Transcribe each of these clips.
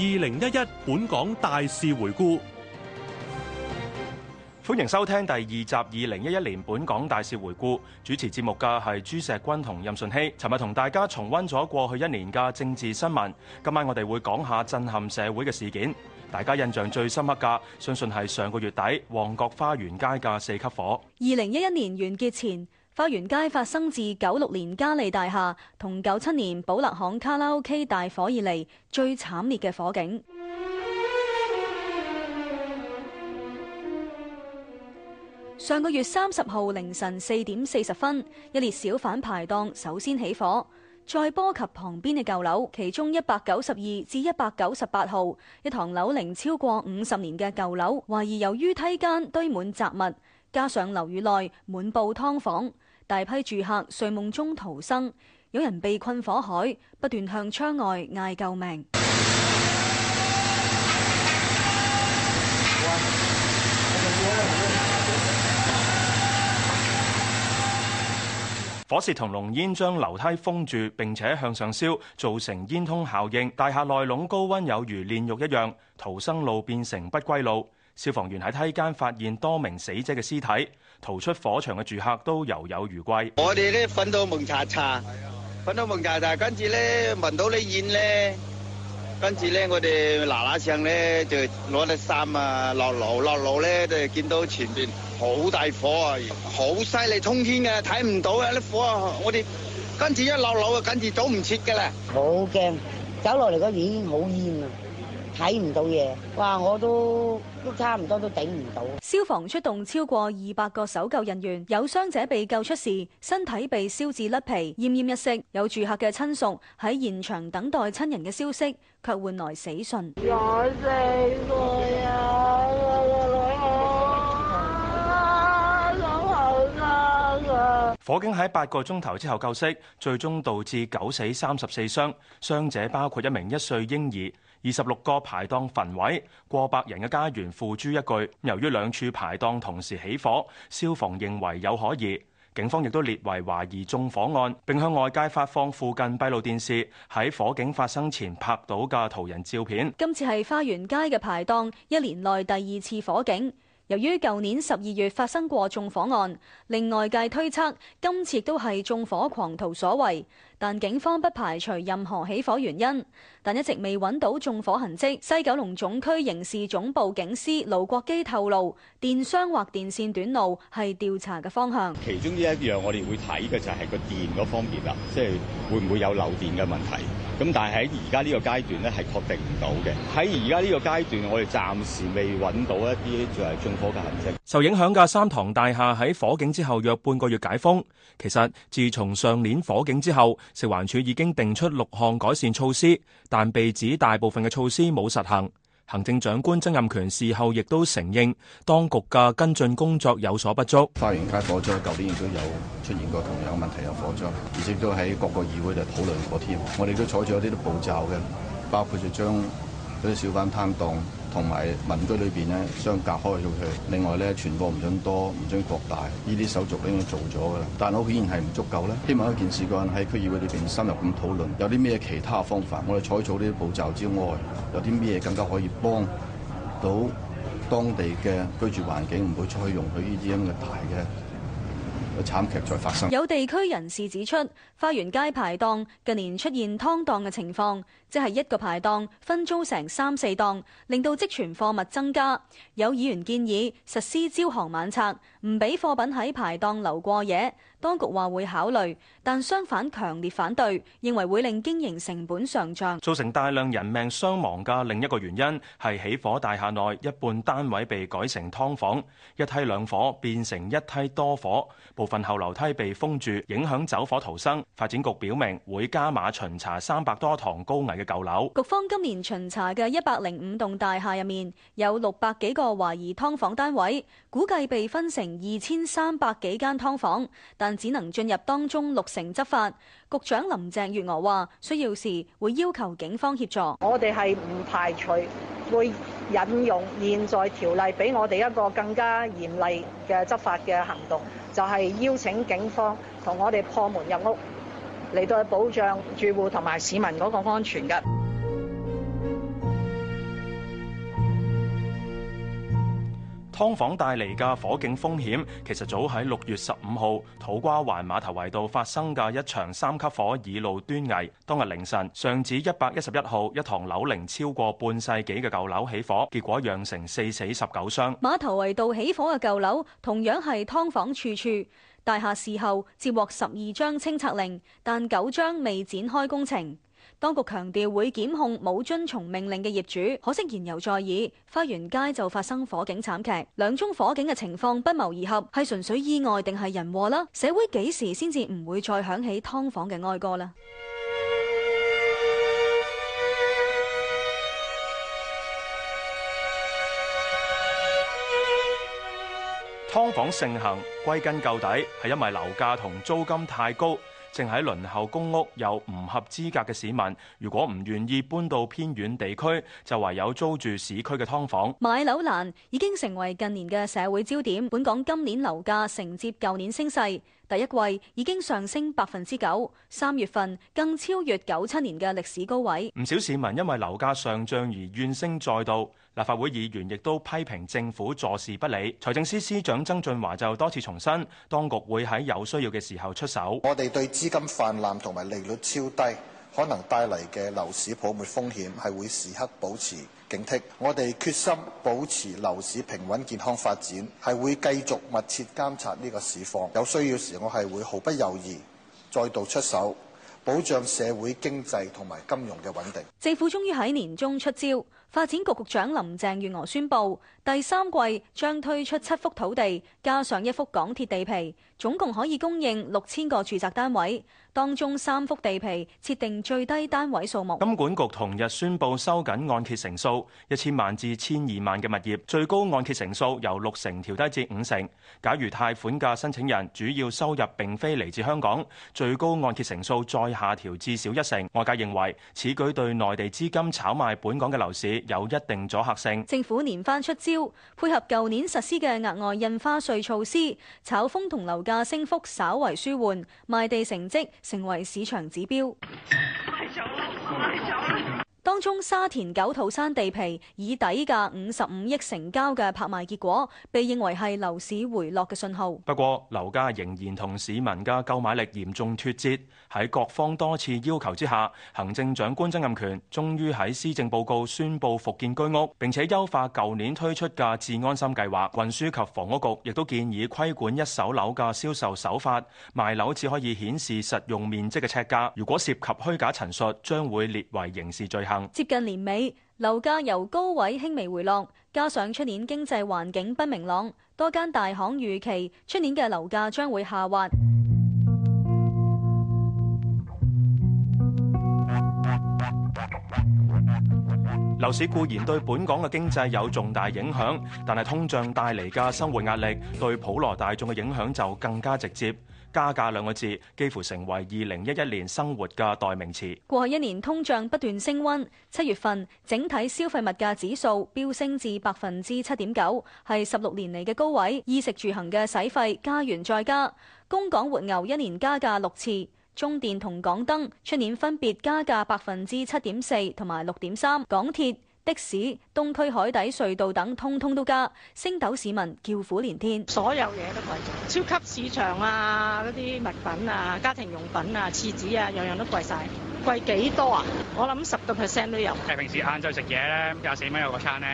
二零一一本港大事回顧，歡迎收聽第二集二零一一年本港大事回顧。主持節目嘅係朱石君同任順熙。尋日同大家重溫咗過去一年嘅政治新聞，今晚我哋會講下震撼社會嘅事件。大家印象最深刻嘅，相信係上個月底旺角花園街嘅四級火。二零一一年完結前，花園街發生自九六年嘉利大廈同九七年寶勒巷卡拉 OK 大火以嚟最慘烈嘅火警。 上個月三十號凌晨四點四十分，一列小販排檔首先起火，再波及旁邊嘅舊樓，其中一百九十二至一百九十八號一幢樓齡超過五十年嘅舊樓，懷疑由於梯間堆滿雜物。加上樓宇內滿布劏房，大批住客睡夢中逃生，有人被困火海，不斷向窗外嗌救命。火舌同濃煙將樓梯封住，並且向上燒，造成煙囪效應。大廈內籠高温，有如煉獄一樣，逃生路變成不歸路。消防員喺梯間發現多名死者嘅屍體，逃出火場嘅住客都猶有餘悸。我哋咧瞓到蒙查查，瞓到蒙查查，跟住咧聞到啲煙咧，跟住咧我哋嗱嗱聲咧就攞啲衫啊，落樓，落樓咧就見到前邊好大火啊，好犀利沖天嘅，睇唔到啊啲火啊！我哋跟住一落樓啊，跟住走唔切噶啦，好驚，走落嚟已經好煙啊！睇唔到嘢，哇！我都都差唔多都頂唔到。消防出動超過二百個搜救人員，有傷者被救出時，身體被燒至甩皮，奄奄一息。有住客嘅親屬喺現場等待親人嘅消息，卻換來死訊。火警喺八個鐘頭之後救熄，最終導致九死三十四傷，傷者包括一名一歲嬰兒、二十六個排檔焚毀、過百人嘅家園付諸一炬。由於兩處排檔同時起火，消防認為有可疑，警方亦都列為懷疑縱火案，並向外界發放附近閉路電視喺火警發生前拍到嘅途人照片。今次係花園街嘅排檔一年內第二次火警。由於舊年十二月發生過縱火案，令外界推測今次都係縱火狂徒所為。但警方不排除任何起火原因，但一直未揾到縱火痕跡。西九龍總區刑事總部警司盧國基透露，電箱或電線短路係調查嘅方向。其中呢一樣我哋會睇嘅就係個電嗰方面啦，即係會唔會有漏電嘅問題，咁但係喺而家呢個階段咧，係確定唔到嘅。喺而家呢個階段，我哋暫時未揾到一啲就係縱火嘅痕跡。受影響嘅三幢大廈喺火警之後約半個月解封。其實自從上年火警之後。食環署已經定出六項改善措施，但被指大部分嘅措施冇實行。行政長官曾蔭權事後亦都承認，當局嘅跟進工作有所不足。花園街火災舊年亦都有出現過同樣問題，有火災，而且都喺各個議會度討論過添。我哋都採取咗呢啲步驟嘅，包括就將嗰啲小販攤檔。同埋民居裏面咧，相隔開咗佢。另外咧，傳播唔准多，唔准擴大。呢啲手續已經做咗噶啦，但係好顯然係唔足夠咧。希望一件事上喺區議會裏面深入咁討論，有啲咩其他方法？我哋採取呢啲步驟之外，有啲咩更加可以幫到當地嘅居住環境，唔會再容許呢啲咁嘅大嘅。慘劇再發生。有地區人士指出，花園街排檔近年出現劏檔嘅情況，即係一個排檔分租成三四檔，令到積存貨物增加。有議員建議實施朝行晚拆，唔俾貨品喺排檔留過夜。當局話會考慮，但商販強烈反對，認為會令經營成本上漲。造成大量人命傷亡嘅另一個原因係起火大廈內一半單位被改成劏房，一梯兩火變成一梯多火，份後樓梯被封住，影響走火逃生。發展局表明會加碼巡查三百多幢高危嘅舊樓。局方今年巡查嘅一百零五棟大廈入面，有六百幾個懷疑劏房單位，估計被分成二千三百幾間劏房，但只能進入當中六成執法。局長林鄭月娥話：需要時會要求警方協助，我哋係唔排除會引用現在條例，俾我哋一個更加嚴厲嘅執法嘅行動，就係邀請警方同我哋破門入屋，嚟到保障住戶同埋市民嗰個安全嘅。劏房帶嚟嘅火警風險其實早喺六月十五號土瓜灣碼頭圍道發生嘅一場三級火已露端倪。當日凌晨，上址一百一十一號一幢樓齡超過半世紀嘅舊樓起火，結果釀成四死十九傷。碼頭圍道起火嘅舊樓同樣係劏房處處大廈，事後接獲十二張清拆令，但九張未展開工程。當局強調會檢控冇遵從命令嘅業主，可惜言猶在耳。花園街就發生火警慘劇，兩宗火警嘅情況不謀而合，係純粹意外定係人禍啦？社會幾時先至唔會再響起劏房嘅哀歌啦？劏房盛行歸根究底係因為樓價同租金太高。正喺輪候公屋有唔合資格嘅市民，如果唔願意搬到偏遠地區，就唯有租住市區嘅劏房。買樓難已經成為近年嘅社會焦點。本港今年樓價承接舊年升勢。第一季已經上升百分之九，三月份更超越九七年嘅歷史高位。唔少市民因為樓價上漲而怨聲載道，立法會議員亦都批評政府坐視不理。財政司司長曾俊華就多次重申，當局會喺有需要嘅時候出手。我哋對資金泛濫同埋利率超低，可能帶嚟嘅樓市泡沫風險，係會時刻保持警惕，我哋決心保持樓市平穩健康發展，係會繼續密切監察呢個市況，有需要時，我係會毫不猶豫再度出手，保障社會經濟同埋金融嘅穩定。政府終於喺年中出招，發展局局長林鄭月娥宣布，第三季將推出七幅土地，加上一幅港鐵地皮。總共可以供應六千個住宅單位，當中三幅地皮設定最低單位數目。金管局同日宣布收緊按揭成數，一千萬至千二萬嘅物業最高按揭成數由六成調低至五成。假如貸款嘅申請人主要收入並非嚟自香港，最高按揭成數再下調至少一成。外界認為此舉對內地資金炒賣本港嘅樓市有一定阻嚇性。政府連番出招，配合舊年實施嘅額外印花稅措施，炒風同樓價價升幅稍為舒緩，賣地成績成為市場指標。當中沙田九肚山地皮以底價五十五億成交嘅拍賣結果，被認為係樓市回落嘅信號。不過，樓價仍然同市民嘅購買力嚴重脱節。喺各方多次要求之下，行政長官曾蔭權終於喺施政報告宣布復建居屋，並且優化舊年推出嘅置安心計劃。運輸及房屋局亦都建議規管一手樓嘅銷售手法，賣樓只可以顯示實用面積嘅尺價。如果涉及虛假陳述，將會列為刑事罪行。接近年尾，樓價由高位輕微回落，加上出年經濟環境不明朗，多間大行預期出年嘅樓價將會下滑。樓市固然對本港嘅經濟有重大影響，但係通脹帶嚟嘅生活壓力對普羅大眾嘅影響就更加直接。加價兩個字幾乎成為二零一一年生活嘅代名詞。過去一年通脹不斷升溫，七月份整體消費物價指數飆升至百分之七點九，係十六年嚟嘅高位。衣食住行嘅使費加完再加，供港活牛一年加價六次。中電同港燈出年分別加價百分之七點四同埋六點三，港鐵、的士、東區海底隧道等通通都加，星斗市民叫苦連天，所有嘢都貴，超級市場啊嗰啲物品啊、家庭用品啊、廁紙啊，樣樣都貴晒，貴幾多啊？我諗十個 percent 都有。平時晏晝食嘢咧，廿四蚊有個餐呢，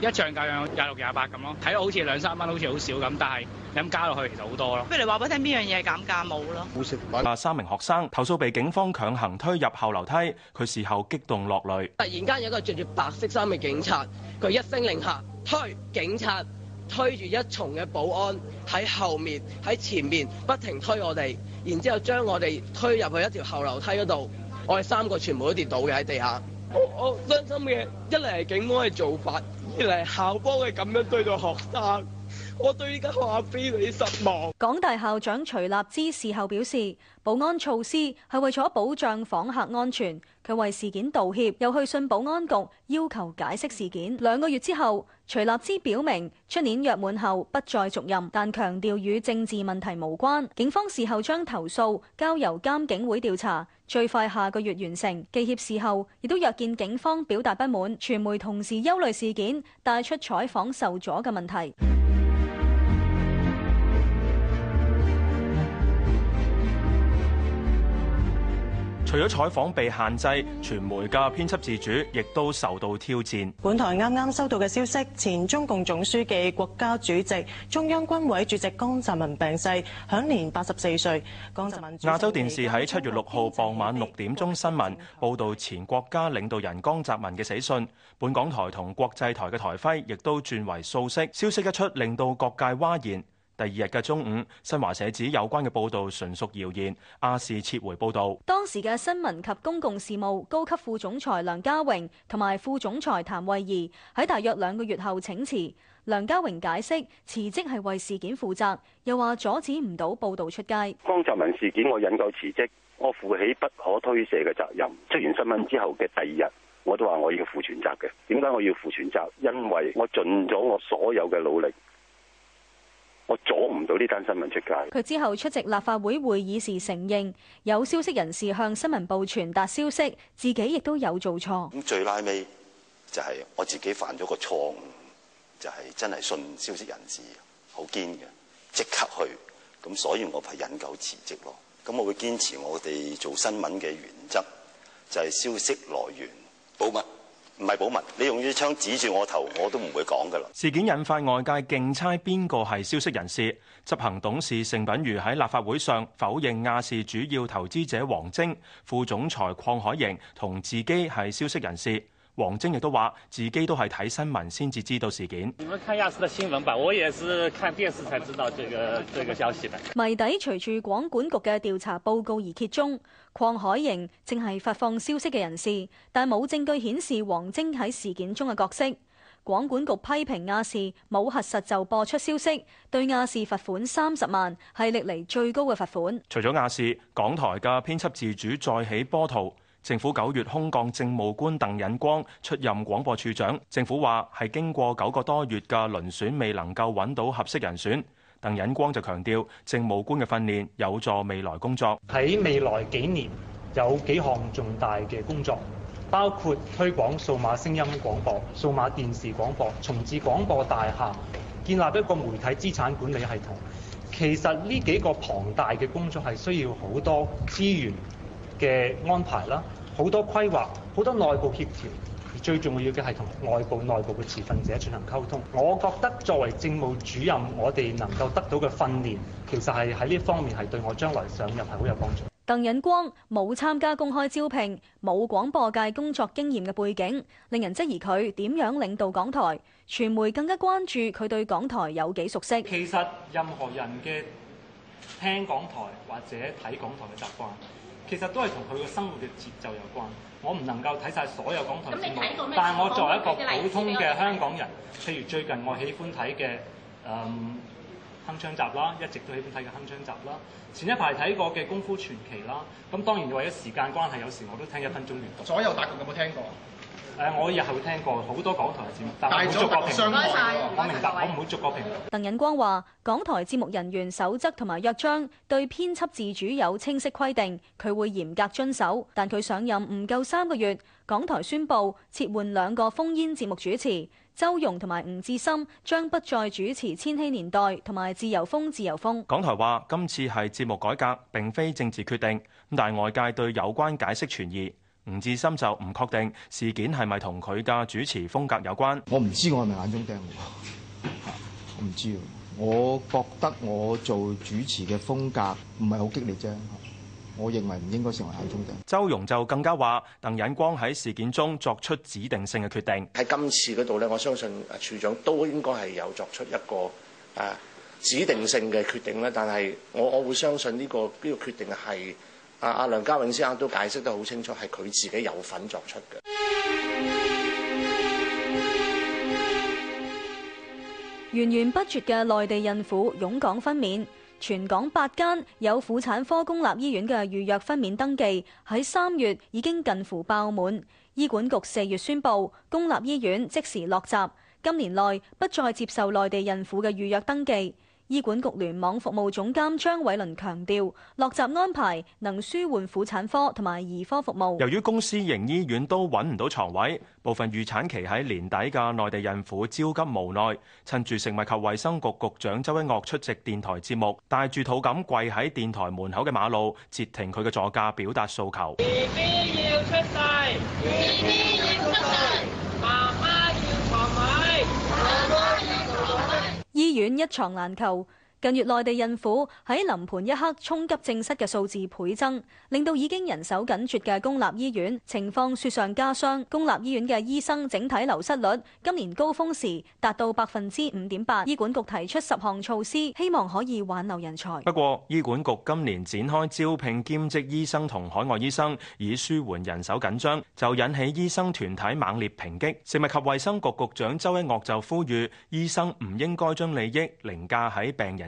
一漲價樣廿六廿八咁咯，睇到好似兩三蚊，好似好少咁，但係咁加落去其實好多咯。不如你話俾聽邊樣嘢減價冇咯？冇啊！三名學生投訴被警方強行推入後樓梯，佢事後激動落淚。突然間有一個着住白色衫嘅警察，佢一聲令下推警察推住一重嘅保安喺後面喺前面不停推我哋，然之後將我哋推入去一條後樓梯嗰度，我哋三個全部都跌倒嘅喺地下。我我傷心嘅一嚟係警方嘅做法。嚟校方係咁樣對待學生，我對依家學校非常之失望。港大校長徐立之事後表示，保安措施係為咗保障訪客安全，佢為事件道歉，又去信保安局要求解釋事件。兩個月之後，徐立之表明出年約滿後不再續任，但強調與政治問題無關，警方事後將投訴交由監警會調查。最快下個月完成，記協事後，亦都約見警方表達不滿，傳媒同時憂慮事件帶出採訪受阻嘅問題。除咗採訪被限制，傳媒嘅編輯自主亦都受到挑戰。本台啱啱收到嘅消息，前中共總書記、國家主席、中央軍委主席江澤民病逝，享年八十四歲。江澤民。亞洲電視喺七月六號傍晚六點鐘新聞報導前國家領導人江澤民嘅死訊，本港台同國際台嘅台徽亦都轉為素色。消息一出，令到各界嘩然。第二日嘅中午，新華社指有關嘅報道純屬謠言，亞視撤回報道。當時嘅新聞及公共事務高級副總裁梁家榮同埋副總裁譚慧儀喺大約兩個月後請辭。梁家榮解釋辭職係為事件負責，又話阻止唔到報道出街。江澤民事件我引咎辭職，我負起不可推卸嘅責任。出完新聞之後嘅第二日，我都話我，我要負全責嘅。點解我要負全責？因為我盡咗我所有嘅努力。我阻唔到呢單新聞出街。佢之後出席立法會會議時，承認有消息人士向新聞部傳達消息，自己亦都有做錯。咁最拉尾就係我自己犯咗個錯誤，就係真係信消息人士，好堅嘅，即刻去。咁所以我係引咎辭職咯。咁我會堅持我哋做新聞嘅原則，就係消息來源保密。唔係保民，你用支槍指住我頭，我都唔會講噶啦。事件引發外界競猜邊個係消息人士。執行董事盛品如喺立法會上否認亞視主要投資者王征、副總裁鄺海瑩同自己係消息人士。王晶亦都話自己都係睇新聞先至知道事件。你們看亞視的新聞吧，我也是看電視才知道這個這個消息的。謎底隨住廣管局嘅調查報告而揭盅，鄺海瑩正係發放消息嘅人士，但冇證據顯示王晶喺事件中嘅角色。廣管局批評亞視冇核實就播出消息，對亞視罰款三十萬，係歷嚟最高嘅罰款。除咗亞視，港台嘅編輯自主再起波濤。政府九月空降政務官鄧忍光出任廣播處長。政府話係經過九個多月嘅遴選，未能夠搵到合適人選。鄧忍光就強調，政務官嘅訓練有助未來工作。喺未來幾年有幾項重大嘅工作，包括推廣數碼聲音廣播、數碼電視廣播、重置廣播大廈、建立一個媒體資產管理系統。其實呢幾個龐大嘅工作係需要好多資源。嘅安排啦，好多規劃，好多內部協調，而最重要嘅係同內部內部嘅持份者進行溝通。我覺得作為政務主任，我哋能夠得到嘅訓練，其實，係喺呢方面係對我將來上任係好有幫助。鄧忍光冇參加公開招聘，冇廣播界工作經驗嘅背景，令人質疑佢點樣領導港台。傳媒更加關注佢對港台有幾熟悉。其實，任何人嘅聽港台或者睇港台嘅習慣。其實都係同佢嘅生活嘅節奏有關，我唔能夠睇晒所有港台節目，睇過咩？但係我作為一個普通嘅香港人，譬如最近我喜歡睇嘅誒《鏗鏘集》啦，一直都喜歡睇嘅《鏗鏘集》啦，前一排睇過嘅《功夫傳奇》啦，咁當然為咗時間關係，有時我都聽一分鐘左右。左右大眾有冇聽過？誒，我日後會聽過好多港台節目，但係逐個評。我明白，我唔會逐個評。鄧忍光話：港台節目人員守則同埋約章對編輯自主有清晰規定，佢會嚴格遵守。但佢上任唔夠三個月，港台宣布撤換兩個烽煙節目主持，周融同埋吳志森將不再主持《千禧年代》同埋《自由風》，自由風。港台話：今次係節目改革，並非政治決定。但係外界對有關解釋存疑。吳志森就唔確定事件係咪同佢嘅主持風格有關。我我。我唔知我係咪眼中釘，我唔知。我覺得我做主持嘅風格唔係好激烈啫。我認為唔應該成為眼中釘。周融就更加話：鄧忍光喺事件中作出指定性嘅決定。喺今次嗰度咧，我相信處長都應該係有作出一個指定性嘅決定啦。但係我我會相信呢、這個呢、這個決定係。啊！阿梁家榮先生都解釋得好清楚，係佢自己有份作出嘅。源源不絕嘅內地孕婦湧港分娩，全港八間有婦產科公立醫院嘅預約分娩登記喺三月已經近乎爆滿。醫管局四月宣布，公立醫院即時落閘，今年內不再接受內地孕婦嘅預約登記。醫管局聯網服務總監張偉麟強調，落閘安排能舒緩婦產科同埋兒科服務。由於公私營醫院都搵唔到床位，部分預產期喺年底嘅內地孕婦焦急無奈，趁住食物及衛生局局長周一岳出席電台節目，帶住肚咁跪喺電台門口嘅馬路，截停佢嘅座駕表達訴求。乳乳一床難求。近月內地孕婦喺臨盆一刻衝急症室嘅數字倍增，令到已經人手緊絀嘅公立醫院情況雪上加霜。公立醫院嘅醫生整體流失率今年高峰時達到百分之五點八。醫管局提出十項措施，希望可以挽留人才。不過醫管局今年展開招聘兼職醫生同海外醫生，以舒緩人手緊張，就引起醫生團體猛烈抨擊。食物及衛生局局長周一嶽就呼籲醫生唔應該將利益凌駕喺病人。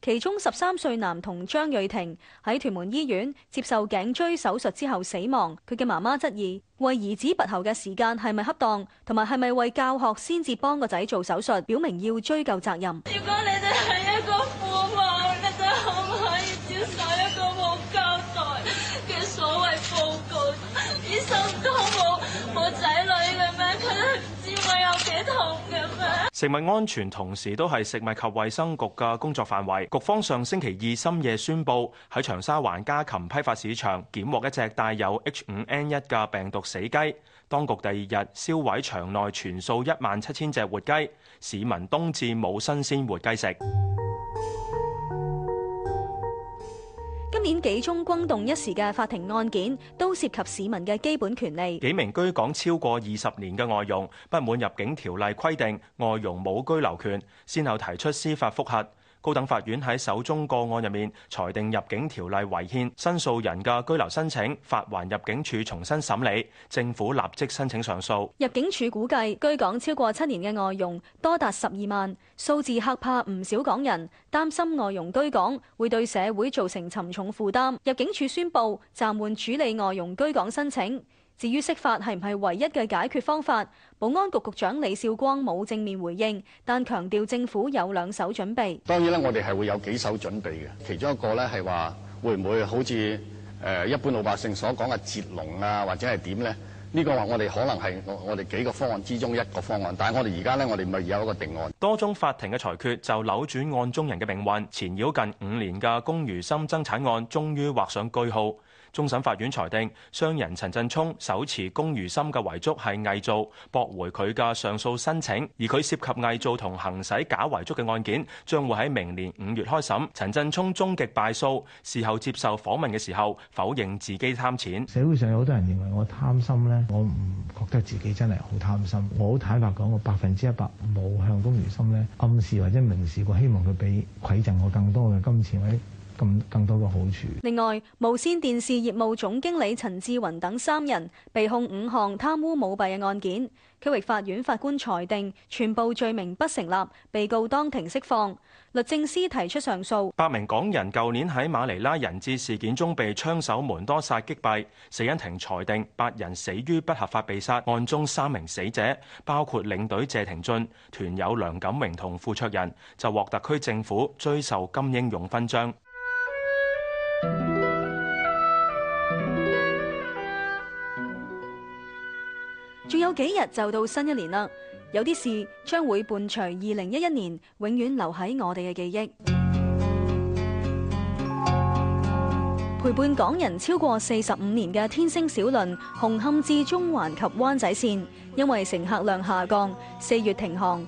其中十三歲男童張瑞婷喺屯門醫院接受頸椎手術之後死亡，佢嘅媽媽質疑為兒子拔喉嘅時間係咪恰當，同埋係咪為教學先至幫個仔做手術，表明要追究責任。食物安全同時都係食物及衛生局嘅工作範圍。局方上星期二深夜宣布，喺長沙灣家禽批發市場檢獲一隻帶有 H5N1 嘅病毒死雞。當局第二日燒毀場內全數一萬七千隻活雞，市民冬至冇新鮮活雞食。今年幾宗轟動一時嘅法庭案件，都涉及市民嘅基本權利。幾名居港超過二十年嘅外佣，不滿入境條例規定外傭冇居留權，先後提出司法覆核。高等法院喺首宗個案入面裁定入境條例違憲，申訴人嘅居留申請發還入境處重新審理，政府立即申請上訴。入境處估計居港超過七年嘅外傭多達十二萬，數字吓怕唔少港人，擔心外傭居港會對社會造成沉重負擔。入境處宣布暫緩處理外傭居港申請。至於釋法係唔係唯一嘅解決方法？保安局局長李少光冇正面回應，但強調政府有兩手準備。當然啦，我哋係會有幾手準備嘅，其中一個咧係話會唔會好似一般老百姓所講嘅截龍啊，或者係點咧？呢、這個話我哋可能係我我哋幾個方案之中一個方案，但係我哋而家咧，我哋咪有一個定案。多宗法庭嘅裁決就扭轉案中人嘅命運，纏繞近五年嘅龔如心爭產案終於畫上句號。終審法院裁定，商人陳振聰手持龔如心嘅遺囑係偽造，駁回佢嘅上訴申請。而佢涉及偽造同行使假遺囑嘅案件，將會喺明年五月開審。陳振聰終極敗訴，事後接受訪問嘅時候否認自己貪錢。社會上有好多人認為我貪心呢，我唔覺得自己真係好貪心。我好坦白講，我百分之一百冇向龔如心呢暗示或者明示過希望佢俾饋贈我更多嘅金錢或更多個好處。另外，無線電視業務總經理陳志雲等三人被控五項貪污舞弊嘅案件，區域法院法官裁定全部罪名不成立，被告當庭釋放。律政司提出上訴。八名港人舊年喺馬尼拉人質事件中被槍手門多薩擊斃，死因庭裁定八人死於不合法被殺，案中三名死者包括領隊謝廷駿、團友梁錦榮同傅卓仁，就獲特區政府追授金英勇勳章。仲有幾日就到新一年啦，有啲事將會伴隨二零一一年，永遠留喺我哋嘅記憶。陪伴港人超過四十五年嘅天星小輪紅磡至中環及灣仔線，因為乘客量下降，四月停航。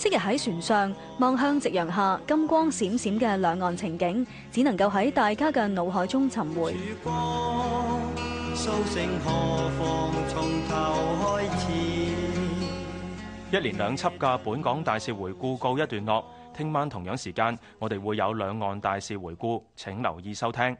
昔日喺船上望向夕陽下金光閃閃嘅兩岸情景，只能夠喺大家嘅腦海中尋回。一連兩輯嘅本港大事回顧告一段落，聽晚同樣時間，我哋會有兩岸大事回顧，請留意收聽。